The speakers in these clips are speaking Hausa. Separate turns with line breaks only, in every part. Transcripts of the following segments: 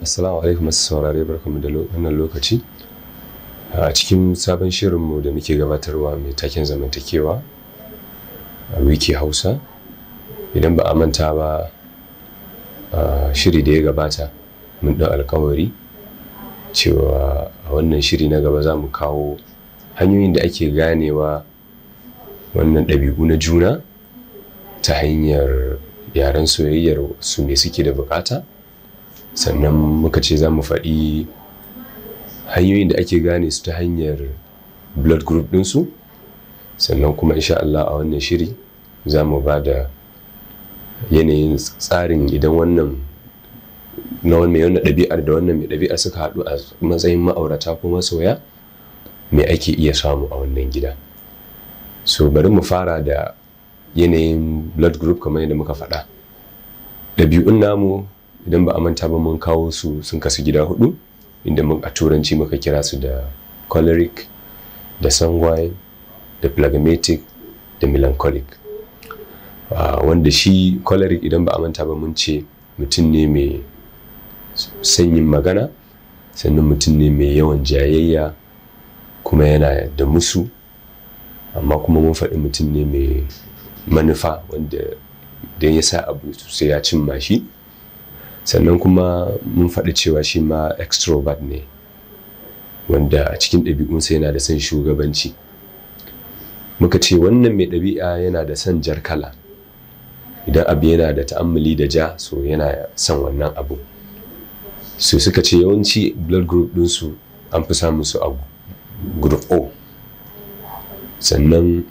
Assalamu alaikum masu saurare barkamu da wannan lokaci. A cikin sabon shirinmu da muke gabatarwa mai taken zamantakewa a wiki Hausa, idan ba a manta ba shiri da ya gabata mun ɗau alkawari cewa a wannan shiri na gaba za mu kawo hanyoyin da ake ganewa wannan ɗabi'u na juna ta hanyar yaren soyayyar su me suke da bukata. sannan muka ce za mu faɗi hanyoyin da ake gane su ta hanyar blood group ɗinsu sannan kuma insha Allah a wannan shiri za mu ba da yanayin tsarin idan wannan na mai wannan ɗabi'ar da wannan mai ɗabi'ar suka haɗu a matsayin ma'aurata ko masoya me ake iya samu a wannan gida so bari mu fara da yanayin blood group kamar yadda muka faɗa ɗabi'un namu idan ba a manta ba mun kawo su sun kasu gida hudu inda mun a turanci muka kira su da choleric da sanguine da phlegmatic da melancholic uh, wanda shi choleric idan ba a manta ba mun ce mutum ne mai sanyin magana sannan mutum ne mai yawan jayayya kuma yana da musu amma kuma mun faɗi mutum ne mai manufa wanda idan ya sa abu sai ya cimma shi sannan kuma mun faɗi cewa shi ma extrovert ne wanda a cikin ɗabi'unsa yana da son shugabanci muka ce wannan mai ɗabi'a yana da son jar kala idan abu yana da ta'ammali da ja so yana son wannan abu su suka ce yawanci blood group ɗinsu an fi samun su a group o sannan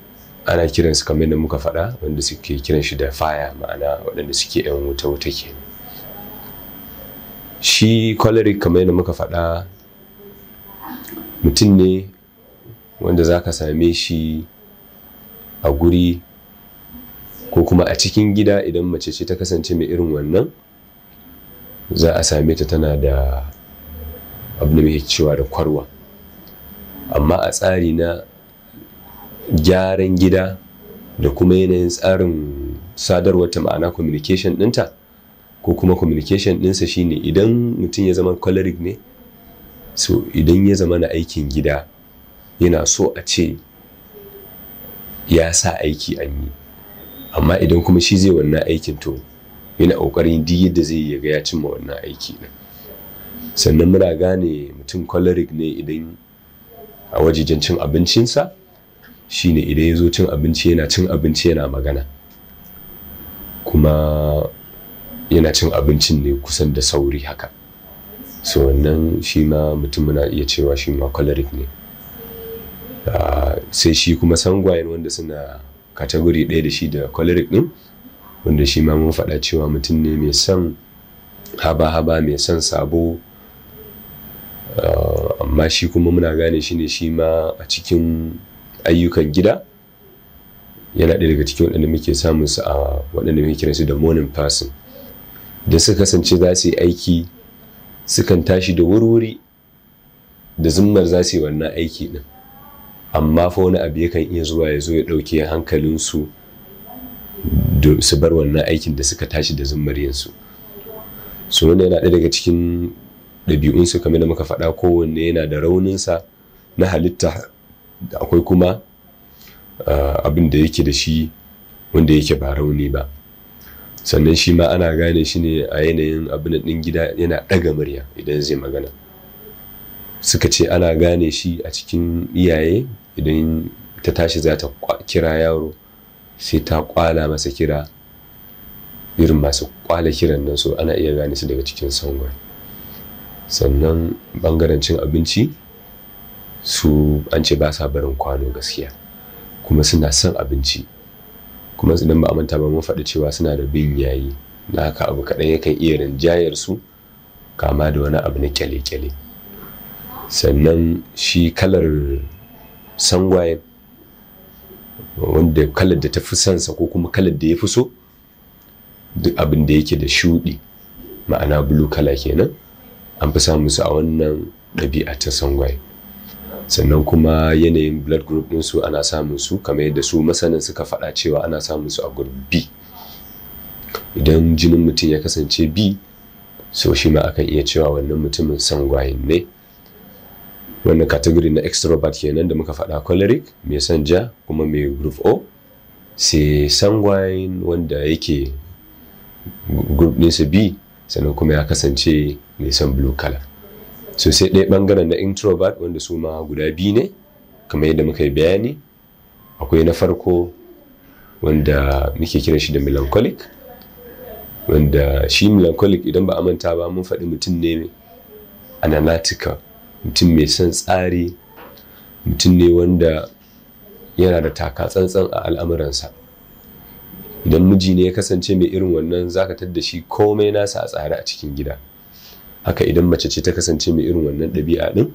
ana kiransu kamar da muka faɗa wanda suke kiran shi da fire ma'ana waɗanda suke 'yan wuta-wuta kenan shi choleric kamar yadda muka faɗa mutum ne wanda za ka same shi a guri ko kuma a cikin gida idan mace ce ta kasance mai irin wannan za a same ta tana da abu da muke cewa da kwarwa amma a tsari na gyaran gida da kuma yanayin tsarin sadarwar ta ma'ana communication ɗinta ko kuma communication ɗinsa shine idan mutum ya zama choleric ne so idan ya zama na aikin gida yana so a ce ya sa aiki an yi amma idan kuma shi zai wannan aikin to yana ƙoƙarin duk da zai ya ga ya cimma wannan aiki ɗin sannan muna gane mutum choleric ne idan a wajejen cin abincinsa shine idan ya zo cin abinci yana cin abinci yana magana kuma yana cin abincin ne kusan da sauri haka so wannan shi ma mutum muna iya cewa shi ma choleric ne ah, sai shi kuma sangwayen wanda suna category ɗaya da shi da choleric ɗin wanda shi ma mun faɗa cewa mutum ne mai son haba-haba mai son sabo ah, amma shi kuma muna gane shi ne shi ma a cikin ayyukan gida yana ɗaya daga cikin waɗanda muke samun su a waɗanda muke kiransu da morning person da suka kasance za su yi aiki sukan tashi da wurwuri da zummar za su yi wannan aiki din amma fa wani abu yakan iya zuwa ya zo ya ɗauke hankalinsu su bar wannan aikin da suka tashi da zummar yinsu su wanda yana ɗaya daga cikin ɗabi'unsu kamar da muka faɗa kowanne yana da rauninsa na halitta akwai kuma ah, abin da yake da shi wanda yake ba rauni ba sannan shi ma ana gane shi ne a yanayin abin ɗin gida yana ɗaga murya idan zai magana suka ce ana gane shi a cikin iyaye idan ta tashi za ta kira yaro sai ta kwala masa kira irin masu kwala kiran nan so ana iya gane su daga cikin sangon sannan ɓangaren cin abinci su an ce ba sa barin kwano gaskiya kuma suna son abinci kuma idan ba a ba mun faɗi cewa suna da bin yayi na haka abu kaɗan yakan iya rinjayar su kama da wani abu na kyale-kyale sannan shi kalar sangwayen wanda kalar da ta fi sansa ko kuma kalar da ya fi so duk abin da yake da shuɗi ma'ana blue kala kenan an fi samun su a wannan ɗabi'a ta sangwaye sannan kuma yanayin blood group su ana samun su kamar yadda su masanin suka faɗa cewa ana samun su a group b idan jinin mutum ya kasance b so shi ma akan iya cewa wannan mutumin sangwayin ne wannan category na extrovert kenan da muka faɗa choleric mai san ja kuma mai group o sai sangwayin wanda yake group ɗinsa b sannan kuma ya kasance mai san blue color so sai ɗaya ɓangaren na introvert wanda su ma guda biyu ne kamar yadda muka yi bayani akwai na farko wanda muke kira shi da melancholic wanda shi melancholic idan ba a manta ba mun faɗi mutum ne analytical mutum mai son tsari mutum ne wanda yana da taka tsantsan a al'amuransa idan miji ne ya kasance mai irin wannan zaka tadda shi komai nasa a tsare a cikin gida haka idan mace ce ta kasance mai irin wannan ɗabi'a ɗin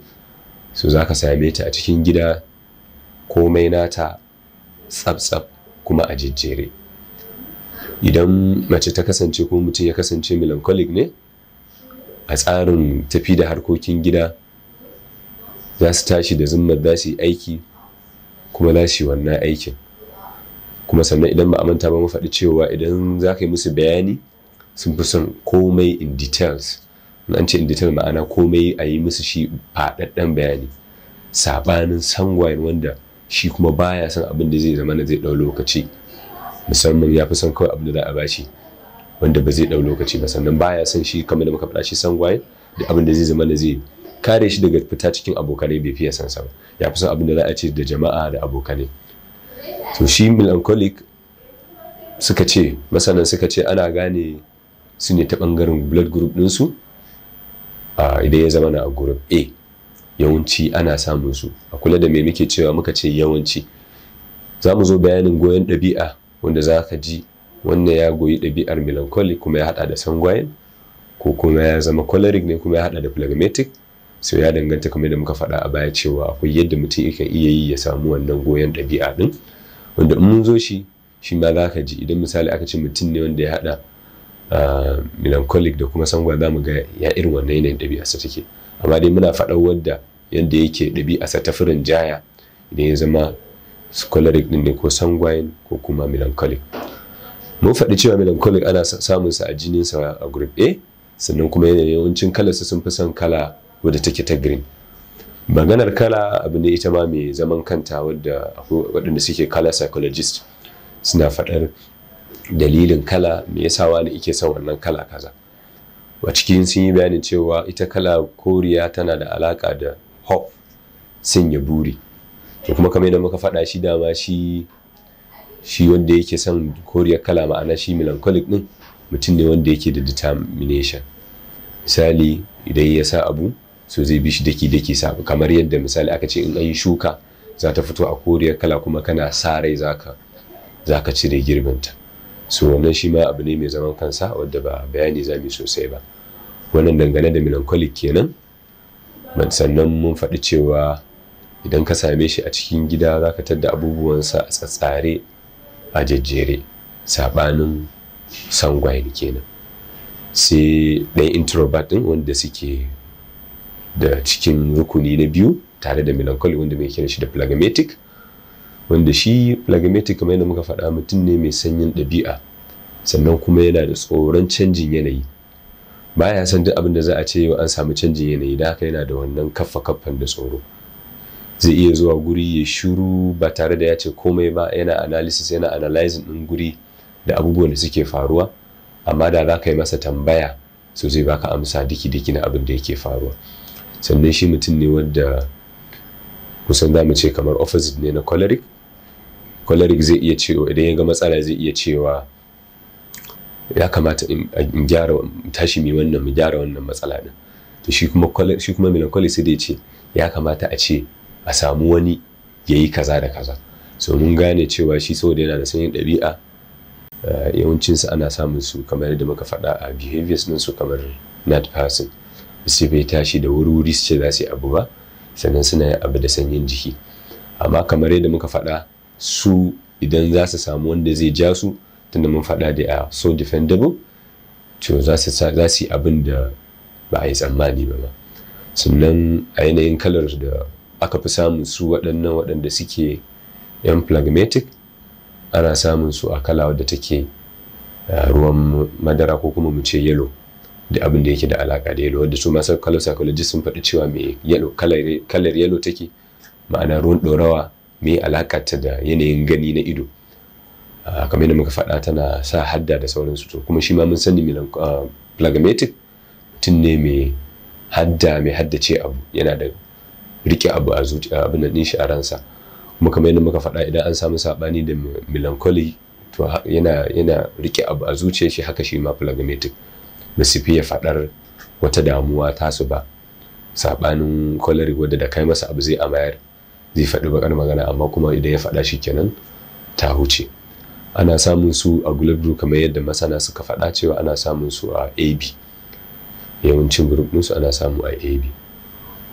su za ka same ta a cikin gida komai nata tsab kuma a jejjere idan mace ta kasance ko mutum ya kasance melancholic ne a tsarin tafi da harkokin gida za su tashi da zimmar za su yi aiki kuma za su yi wannan aikin kuma sannan idan ba a manta ba mu faɗi cewa idan za ka yi musu bayani sun fi son komai in details an ce indita ma'ana komai a yi musu shi faɗaɗɗen bayani sabanin sangwayen wanda shi kuma baya son abin da zai zama na zai ɗau lokaci musamman ya fi son kawai abin da za a bashi wanda ba zai ɗau lokaci ba sannan baya son shi kamar da muka faɗa shi sangwayen da abin da zai zama na zai kare shi daga fita cikin abokanai bai fiye san sama ya fi son abin da za a ce da jama'a da abokanai to shi melancholic suka ce masanan suka ce ana gane su ne ta ɓangaren blood group ɗinsu idan ya zama na a gurin a yawanci ana samun su a kula da me muke cewa muka ce yawanci za mu zo bayanin goyon ɗabi'a wanda za ka ji wannan ya goyi ɗabi'ar melancholic kuma ya haɗa da sangwayen ko kuma ya zama choleric ne kuma ya haɗa da phlegmatic sai ya danganta kamar yadda muka faɗa a baya cewa akwai yadda mutum yake iya yi ya samu wannan goyon ɗabi'a ɗin wanda in mun zo shi shi ma za ka ji idan misali aka ce mutum ne wanda ya haɗa Uh, melancholic da kuma sangwa za mu ga ya irin wannan yanayin ɗabi'arsa take amma dai muna faɗa wadda yadda yake ɗabi'arsa ta furin jaya idan ya zama scholaric ɗin ne ko sangwayen ko kuma melancholic mun faɗi cewa melancholic ana samun sa a jinin sa a group A sannan kuma yanayin yawancin kalar sun fi son kala wadda take ta green maganar kala abu ne ita ma mai zaman kanta wadda waɗanda suke kala psychologist suna faɗar dalilin kala me yasa wani yake son wannan kala kaza wa cikin sun yi bayanin cewa ita kala koriya tana da alaka da hop sanya buri to kuma kamar yadda muka faɗa shi dama shi shi wanda yake son koriya kala ma'ana shi melancholic din mutum ne wanda yake da determination misali idan ya sa abu so zai bi shi daki daki sa kamar yadda misali aka ce in an yi shuka za ta fito a koriya kala kuma kana sa rai zaka zaka cire girbinta so wannan shi ma abu ne mai zaman kansa wadda ba bayani za mu sosai ba wannan dangane da melancholic kenan sannan mun faɗi cewa idan ka same shi a cikin gida za ka tadda abubuwansa a tsatsare a jejjere saɓanin sangwayen kenan sai ɗan introvert ɗin wanda suke da cikin rukuni na biyu tare da melancholic wanda mai kira shi da phlegmatic wanda shi phlegmatic kamar yadda muka faɗa mutum ne mai sanyin ɗabi'a sannan kuma yana da tsoron canjin yanayi baya san duk abin da za a ce yau an samu canjin yanayi da haka yana da wannan kaffa kaffan da tsoro zai iya zuwa guri ya shuru ba tare da ya ce komai ba yana analysis yana analyzing ɗin guri da abubuwan da suke faruwa amma da za ka yi masa tambaya so zai baka amsa diki-diki na abin da yake faruwa sannan shi mutum ne wanda kusan za mu ce kamar opposite ne na choleric choleric zai iya cewa idan ya ga matsala zai iya cewa ya kamata in gyara tashi mai wannan mu gyara wannan matsala din to shi kuma shi kuma melancholy sai dai ce ya kamata a ce a samu wani ya yi kaza da kaza so mun gane cewa shi saboda yana da sanyin ɗabi'a eh, Yawancinsa ana samun su kamar yadda muka faɗa a behaviors din su kamar not person sai bai tashi da wuri-wuri su ce za su yi abu ba sannan suna yin abu da sanyin jiki amma kamar yadda muka faɗa su idan za su samu wanda zai ja su tunda mun faɗa da a so defendable to za su yi abin da ba a yi tsammani ba ba sannan a yanayin kalar da aka fi samun su waɗannan waɗanda suke yan phlegmatic ana samun su a kala wadda take ruwan madara ko kuma mu ce yellow da abin da yake da alaka da yellow wadda su masu kalar psychologist sun faɗi cewa mai yellow kalar yellow take ma'ana ruwan ɗorawa me alaka ta da yanayin gani na ido kamar yadda muka faɗa tana sa hadda da sauransu to kuma shi ma mun sani plagmatic tun ne mai hadda mai haddace abu yana da rike abu a zuciya abin nan shi a ransa kuma kamar yadda muka faɗa idan an samu saɓani da melancholy to yana yana rike abu a zuciya shi haka shi ma plagmatic ba su fiye faɗar wata damuwa tasu ba saɓanin choleric wadda da kai masa abu zai amayar zai faɗi bakar magana amma kuma idan ya faɗa shi kenan ta huce ana samun su a gulab kamar yadda masana suka faɗa cewa ana samun su a ab yawancin group ɗinsu ana samu a ab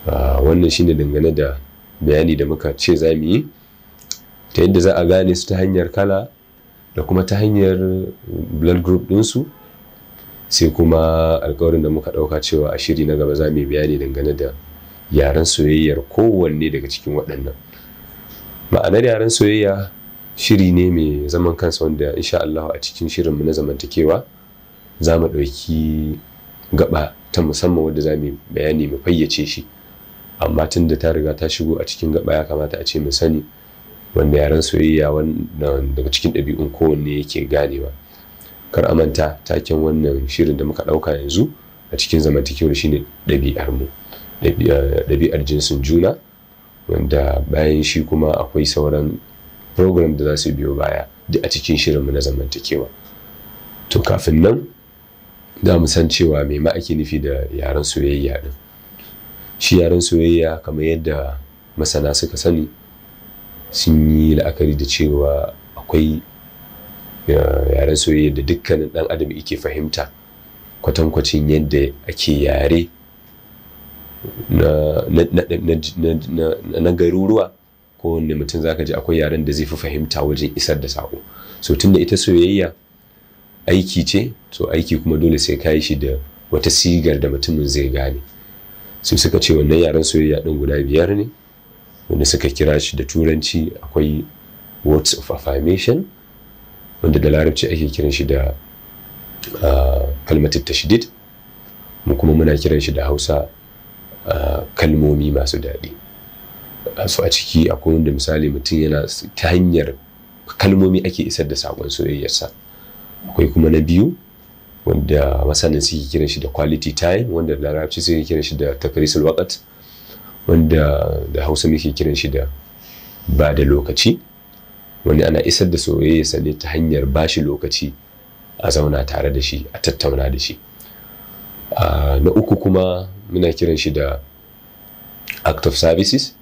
ah, wannan shine dangane da bayani da muka ce za mu yi ta yadda za a gane su ta hanyar kala da kuma ta hanyar blood group su, sai kuma alkawarin da muka ɗauka cewa a shiri na gaba za mu yi bayani dangane da yaren soyayyar kowanne daga cikin waɗannan ma'anar yaren soyayya shiri ne mai zaman kansa wanda insha Allah a cikin shirinmu na zamantakewa za mu ɗauki gaba ta musamman wanda za mu bayani mu fayyace shi amma tun da ta riga ta shigo a cikin gaba ya kamata a ce mu sani wanda yaren soyayya wannan daga cikin ɗabi'un kowanne yake ganewa kar a manta taken wannan shirin da muka ɗauka yanzu a cikin zamantakewar shine ɗabi'ar mu Eh, ɗabi'ar jinsin juna wanda bayan shi kuma akwai sauran program da za su biyo baya a cikin shirin mu na zamantakewa to kafin nan za mu san cewa mai ma ake nufi da yaren soyayya din shi yaren soyayya kamar yadda masana suka sani sun yi la'akari da cewa akwai eh, yaren soyayya da dukkanin ɗan adam ike fahimta kwatankwacin yadda ake yare na garuruwa ko wanne mutum zaka ji akwai yaren da zai fi fahimta wajen isar da sako so tunda ita soyayya aiki ce so aiki kuma dole sai ka shi da wata sigar da mutumin zai gane sai suka ce wannan yaren soyayya din guda biyar ne wanda suka kira shi da turanci akwai words of affirmation wanda da larabci ake kiran shi da ah, kalmatin tashidid mu kuma muna kiran shi da hausa kalmomi masu daɗi su a ciki akwai wanda misali mutum yana ta hanyar kalmomi ake isar da saƙon soyayyarsa akwai kuma na biyu wanda masanin suke kiran shi da quality time wanda larabci suke kiran shi da takrisul waqt wanda da hausa muke kiran shi da ba da lokaci wani ana isar da soyayyarsa ne ta hanyar ba shi lokaci a zauna tare da shi a tattauna da shi na uku kuma muna kiran shi da act of services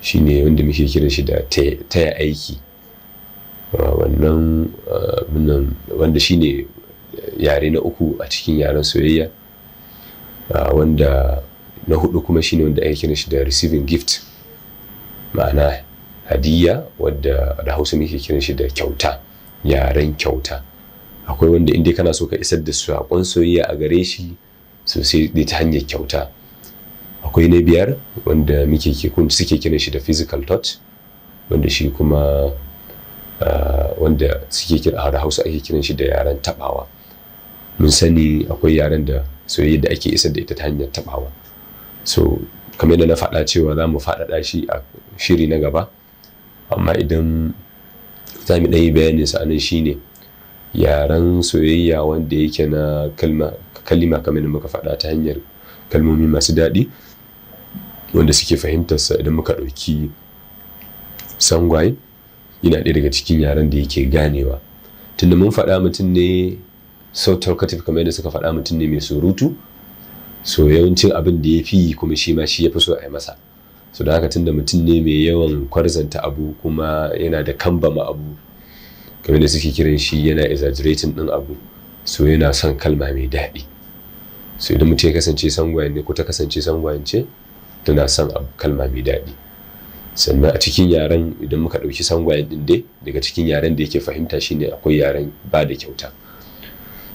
shi ne wanda muke kiran shi da taya aiki ah, ah, wannan wanda shi ne yare na uku a cikin yaren soyayya ah, wanda na hudu kuma shi ne wanda ake kiran shi da receiving gift ma'ana hadiyya wadda da hausa muke kiran shi da kyauta yaren kyauta akwai wanda inda kana so ka isar da saƙon soyayya a gare shi Sosai sai ta hanyar kyauta akwai na biyar wanda muke suke kiran shi da physical touch wanda shi kuma ah, wanda suke kira a hausa ake kiran shi da yaren tabawa mun sani akwai yaren da soyayya da ake isar da ita ta hanyar tabawa so kamar yadda na faɗa cewa za mu faɗaɗa shi a shiri na gaba amma idan za mu ɗan yi bayanin sa'anin shi ne, yaren soyayya wanda yake na kalma kalima kamar muka faɗa ta hanyar kalmomi masu daɗi wanda suke fahimtarsa idan muka ɗauki sangwaye yana ɗaya daga cikin yaren da yake ganewa tunda mun faɗa mutum ne so talkative kamar yadda suka faɗa mutum ne mai surutu so yawancin abin da ya fi kuma shi ma shi ya fi so a yi masa so da haka tunda mutum ne mai yawan kwarzanta abu kuma yana da kambama abu kamar da suke kiran shi yana exaggerating ɗin abu so yana son kalma mai daɗi so idan mutum ya kasance sangwayen ne ko ta kasance sangwayen ce tana son a kalma mai daɗi sannan a cikin yaren idan muka ɗauki sangwayen ɗin dai daga cikin yaren da yake fahimta shine akwai yaren ba da kyauta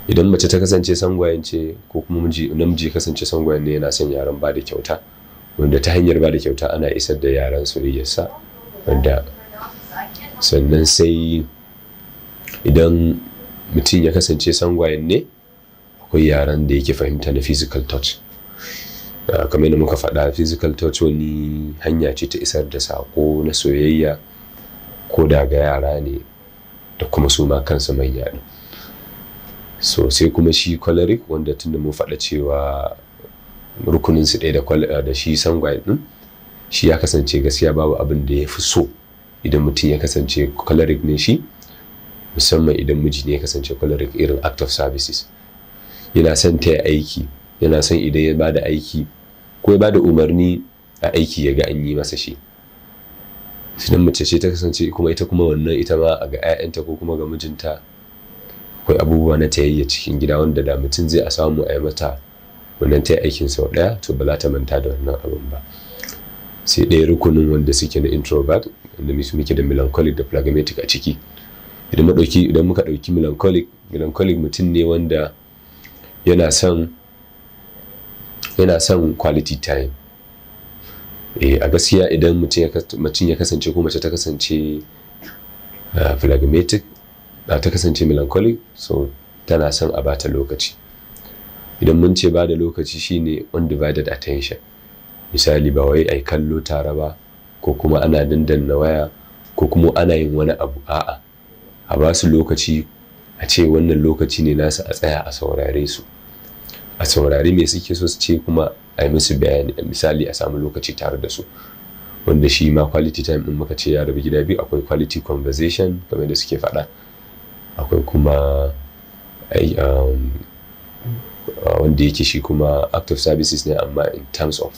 idan mace ta kasance sangwayen ce ko kuma namiji ya kasance sangwayen ne yana son yaren ba da kyauta wanda ta hanyar ba da kyauta ana isar da yaren soyayyarsa wanda sannan sai idan mutum ya kasance sangwayen ne akwai yaran da yake fahimta na physical touch ah, kamar yadda muka faɗa physical touch wani hanya ce ta isar da sako na soyayya ko da ga yara ne da kuma su ma kansu manya ɗin so sai kuma shi choleric wanda tun da mun faɗa cewa rukunin su ɗaya da shi sangwayen ɗin shi ya kasance gaskiya babu abin da ya fi so idan mutum ya kasance choleric ne shi musamman idan miji ne ya kasance choleric irin act of services yana son ta aiki yana son idan ya bada aiki ko ya bada umarni a aiki ya ga an yi masa shi Sinan mace ce ta kasance kuma ita kuma wannan ita ma ga 'ya'yanta ko kuma ga mijinta akwai abubuwa na tayayya cikin gida wanda da mutum zai a samu a yi mata wannan ta aikin sau ɗaya to ba za ta manta da wannan abin ba sai ɗaya rukunin wanda suke na introvert wanda muke da melancholic da phlegmatic a ciki idan madauki idan muka dauki melancholic melancholic mutum ne wanda yana son yana son quality time eh a gaskiya idan mutum ya kasance ko mace ta kasance ah, phlegmatic ah, ta kasance melancholic so tana son a bata lokaci idan mun ce bada lokaci shine undivided attention misali ba wai ai kallo tare ba ko kuma ana dandanna waya ko kuma ana yin wani abu a'a a ba su lokaci a ce wannan lokaci ne nasu a tsaya a saurare su a saurari me suke so su ce kuma a yi musu bayani misali a samu lokaci tare da su wanda shi ma quality time din muka ce ya rabu gida biyu akwai quality conversation kamar da suke faɗa akwai kuma um, wanda yake shi kuma act of services ne amma in terms of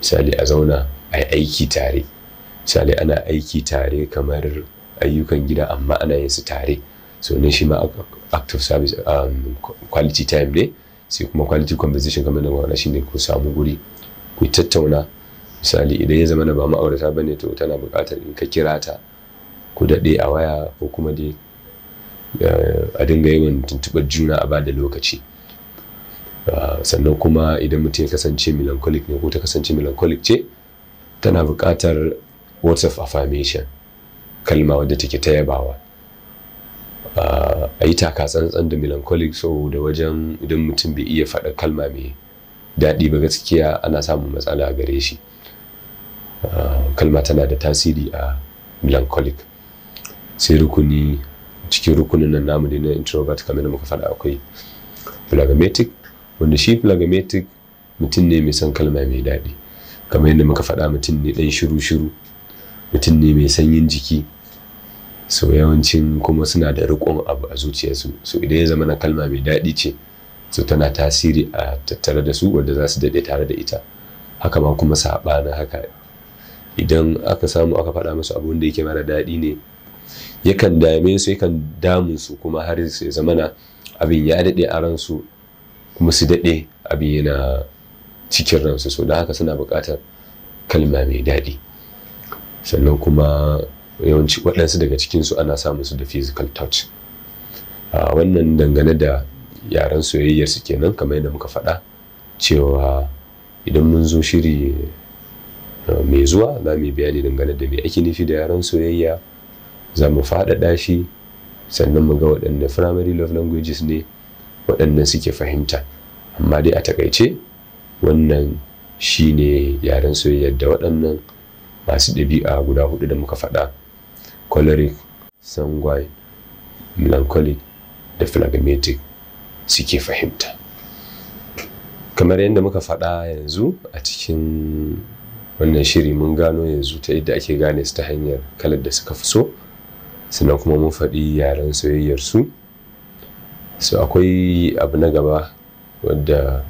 misali a zauna a yi aiki tare misali ana aiki tare kamar ayyukan gida amma ana yin su tare so ne shi ma active service um, quality time ne sai kuma quality conversation kamar da magana shine ku samu guri ku tattauna misali idan ya zama na ba ma'aurata bane to tana buƙatar in ka kira ta ku daɗe a waya ko kuma dai eh, a dinga yawan tuntuɓar juna a ba da lokaci ah, sannan kuma idan mutum ya kasance melancholic ne ko ta kasance melancholic ce tana buƙatar words of affirmation kalma wadda take ta yabawa ah, a yi taka tsantsan da melancholic So da wajen idan mutum bai iya faɗa kalma mai daɗi ba gaskiya ana samun matsala gare shi ah, kalma tana da tasiri a melancholic sai rukuni cikin rukunin nan namu ne na introvert kamar da muka faɗa akwai phlegmatic wanda shi phlegmatic mutum ne mai son kalma mai daɗi kamar yadda muka faɗa mutum ne ɗan shiru-shiru mutum ne mai sanyin jiki so yawancin kuma suna da riƙon abu a zuciyarsu Su idan ya zama na kalma mai daɗi ce so tana tasiri a tattare da su wanda za su daɗe tare da ita haka ma kuma na haka idan aka samu aka faɗa musu abun da yake mara daɗi ne yakan dame su yakan damun su kuma har su zama na abin ya daɗe a ransu kuma su daɗe abin yana cikin ransu so don haka suna buƙatar kalma mai daɗi sannan kuma yawanci waɗansu daga cikinsu ana samun su da physical touch wannan dangane da yaren soyayyar su kenan kamar yadda muka faɗa cewa idan mun zo shiri mai zuwa za mu yi bayani dangane da mai ake nufi da yaren soyayya za mu faɗaɗa shi sannan mu ga waɗanne primary love languages ne waɗannan suke fahimta amma dai a takaice wannan shi ne yaren soyayyar da waɗannan masu ɗabi'a guda hudu da muka faɗa choleric sanguine melancholic da phlegmatic suke fahimta kamar yadda muka faɗa yanzu a cikin wannan shiri mun gano yanzu ta idda ake gane su ta hanyar kalar da suka fi so sannan kuma mun faɗi yaren soyayyar su akwai abu na gaba wadda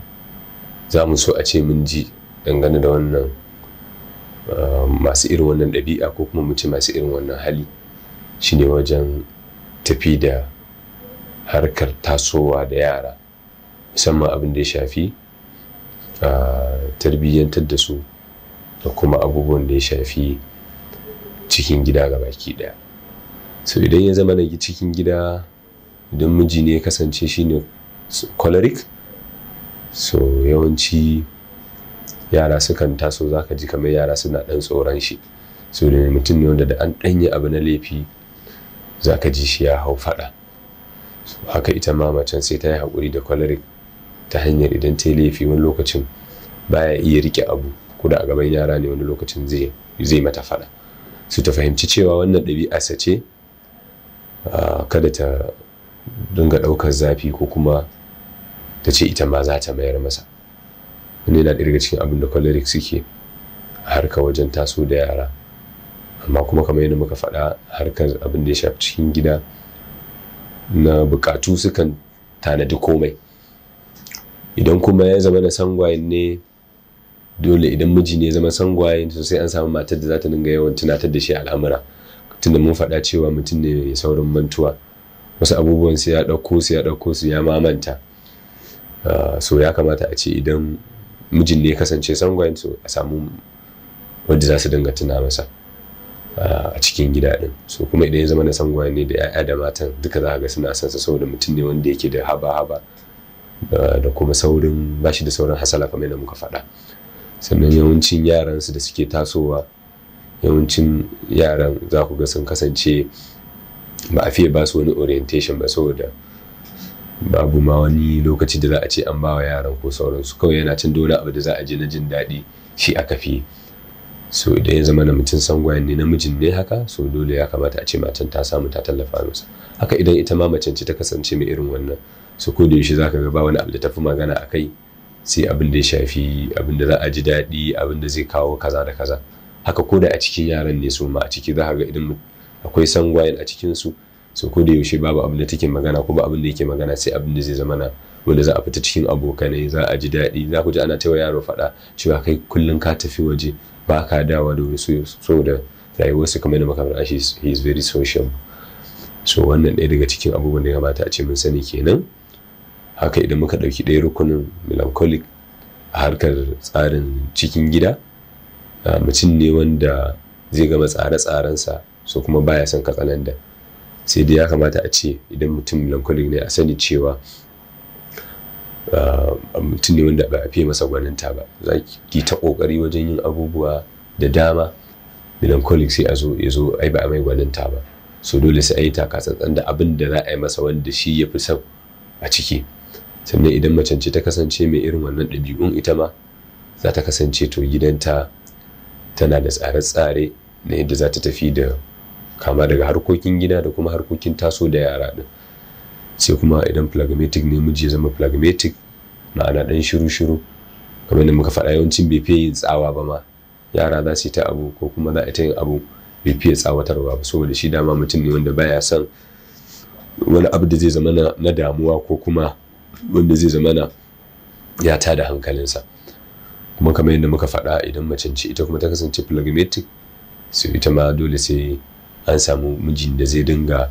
za mu so a ce mun ji dangane da wannan ah, masu irin wannan ɗabi'a ko kuma mu ce masu irin wannan hali shine wajen tafi da harkar tasowa da yara musamman abin da ya shafi a tarbiyyantar da su da kuma abubuwan da ya shafi cikin gida ga baki daya so idan ya zama nagi cikin gida idan miji ne ya kasance shine choleric so yawanci yara sukan taso zaka ji kamar yara suna dan tsoron shi so da mutum ne wanda da an danyi abu na laifi za ka ji shi ya hau faɗa haka ita ma macen sai ta yi hakuri da kwalarik ta hanyar idan ta yi laifi wani lokacin baya iya rike abu ko da a gaban yara ne wani lokacin zai mata faɗa su ta fahimci cewa wannan ɗabi'a sace kada ta dinga ɗaukar zafi ko kuma ta ce ita ma za ta mayar masa wani yana daga cikin abin da kwalarik suke harka wajen taso da yara amma kuma kamar yadda muka faɗa harkar abin da ya shafi cikin gida na bukatu sukan tanadi komai idan kuma ya zama na sangwayen ne dole idan miji ne zama sangwayen to sai an samu matar da za ta dinga yawan tunatar da shi al'amura tunda mun faɗa cewa mutum ne ya saurin mantuwa wasu abubuwan sai ya ɗauko su ya ɗauko su ya mamanta ah, so ya kamata a ce idan mijin ne kasance sangwayen to a samu wadda za su dinga tuna masa a cikin gida din so kuma idan ya zama na san ne da 'ya'ya da matan duka za ga suna son sa saboda mutum ne wanda yake da haba-haba da kuma saurin bashi da saurin hasala kamar yadda muka faɗa sannan yawancin yaran su da suke tasowa yawancin yaran za ku ga sun kasance ba a fiye ba su wani orientation ba saboda babu ma wani lokaci da za a ce an bawa yaran ko sauransu kawai yana cin dole abu da za a je na jin daɗi shi aka fi so idan ya zama na mutum sangwayen ne namijin ne haka so dole ya kamata a ce matan ta samu ta tallafa masa haka idan ita ma macen ce ta kasance mai irin wannan so ko da yaushe zaka ga ba wani abu da tafi magana a kai sai abin da ya shafi abin da za a ji daɗi abin da zai kawo kaza da kaza haka ko da a cikin yaran ne so ma a ciki za ga idan akwai sangwayen a cikin su so ko da yaushe babu abin da take magana ko ba abin da yake magana sai abin da zai zama na wanda za a fita cikin abokanai za a ji daɗi za ku ji ana ta yaro faɗa cewa kai kullum ka tafi waje ba ka dawa da wuri saboda rayuwarsa kamar da makamar he is very social so wannan ɗaya daga cikin abubuwan da ya kamata a ce mun sani kenan haka idan muka ɗauki ɗaya rukunin melancholic a harkar tsarin cikin gida mutum ne wanda zai gama tsare-tsarensa so kuma baya son katsalanda sai dai ya kamata a ce idan mutum melancholic ne a sani cewa Ah, mutum ne wanda ba a fiye masa gwaninta ba za ki ta kokari wajen yin abubuwa da dama bilan colleague sai a zo ya zo ai ba a mai gwaninta ba so dole sai a yi taka tsantsan da abin da za a yi masa wanda shi ya fi son a ciki sannan idan macen ce ta kasance mai irin wannan ɗabi'un ita ma za ta kasance to gidanta tana da tsare-tsare na yadda za ta tafi da kama daga harkokin gida da kuma harkokin taso da yara din sai kuma idan phlegmatic ne miji ya zama phlegmatic ma'ana dan shiru shiru kamar yadda muka faɗa yawancin bai fiye yin tsawa ba ma yara za su yi ta abu ko kuma za a ta yin abu bai fiye tsawatarwa ba saboda shi dama mutum ne wanda baya son wani abu da zai zama na damuwa ko kuma wanda zai zama na ya da hankalinsa kuma kamar yadda muka faɗa idan macen ce ita kuma ta kasance phlegmatic sai ita ma dole sai an samu mijin da zai dinga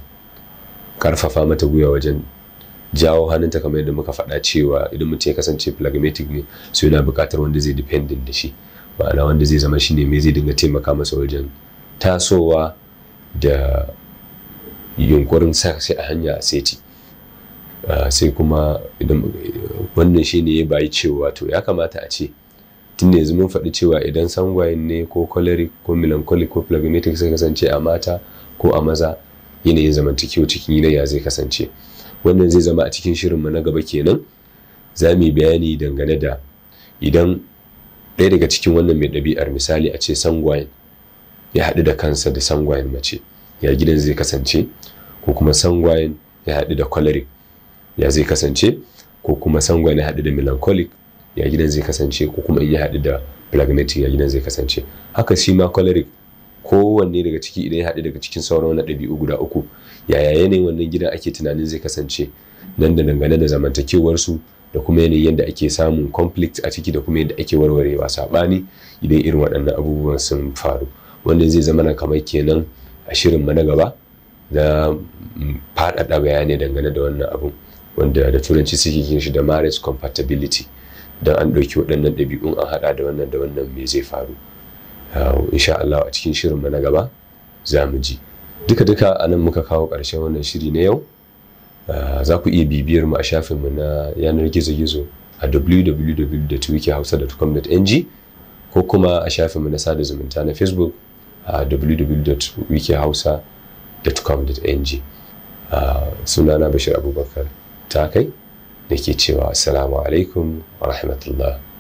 karfafa mata gwiwa wajen jawo hannunta kamar yadda muka faɗa cewa idan mutum ya kasance phlegmatic ne su yana buƙatar wanda zai dependent da shi ma'ana wanda zai zama shine mai zai dinga taimaka masa wajen tasowa da yunkurin sa sai a hanya a seti ah, sai kuma idan wannan ne ya bayi cewa to ya kamata a ce tun da yanzu mun faɗi cewa idan sangwayen ne ko choleric ko melancholic ko phlegmatic sai kasance a mata ko a maza yanayin zamantakewa cikin gidan ya zai kasance wannan zai zama a cikin shirinmu na gaba kenan za mu bayani dangane da idan ɗaya daga cikin wannan mai ɗabi'ar misali a ce sangwayen ya haɗu da kansa da sangwayen mace ya gidan zai kasance ko kuma sangwayen ya haɗu da choleric ya zai kasance ko kuma sangwayen ya haɗu da melancholic ya gidan zai kasance ko kuma in ya haɗu da phlegmatic ya gidan zai kasance haka shi ma choleric kowanne daga ciki idan ya haɗu daga cikin sauran wani ɗabi'u guda uku yaya yanayin wannan gidan ake tunanin zai kasance nan da dangane da zamantakewarsu da kuma yanayin yadda ake samun conflict a ciki da kuma yadda ake warwarewa saɓani idan irin waɗannan abubuwan sun faru Wannan zai zama na kamar kenan a shirin mana gaba na mm, faɗaɗa bayanai dangane da wannan abu. wanda da turanci suke kin shi da marriage compatibility don an ɗauki waɗannan ɗabi'un an haɗa da wannan da wannan me zai faru insha Allah a cikin shirin mu na gaba za mu ji duka duka anan muka kawo ƙarshen wannan shiri na yau ah, za ku iya bibiyar mu a shafinmu na yanar gizo gizo a www.wikihausa.com.ng ko kuma a shafinmu na sada zumunta na facebook a www.wikihausa.com.ng ah, sunana bashir abubakar ta kai da ke cewa assalamu alaikum wa rahmatullah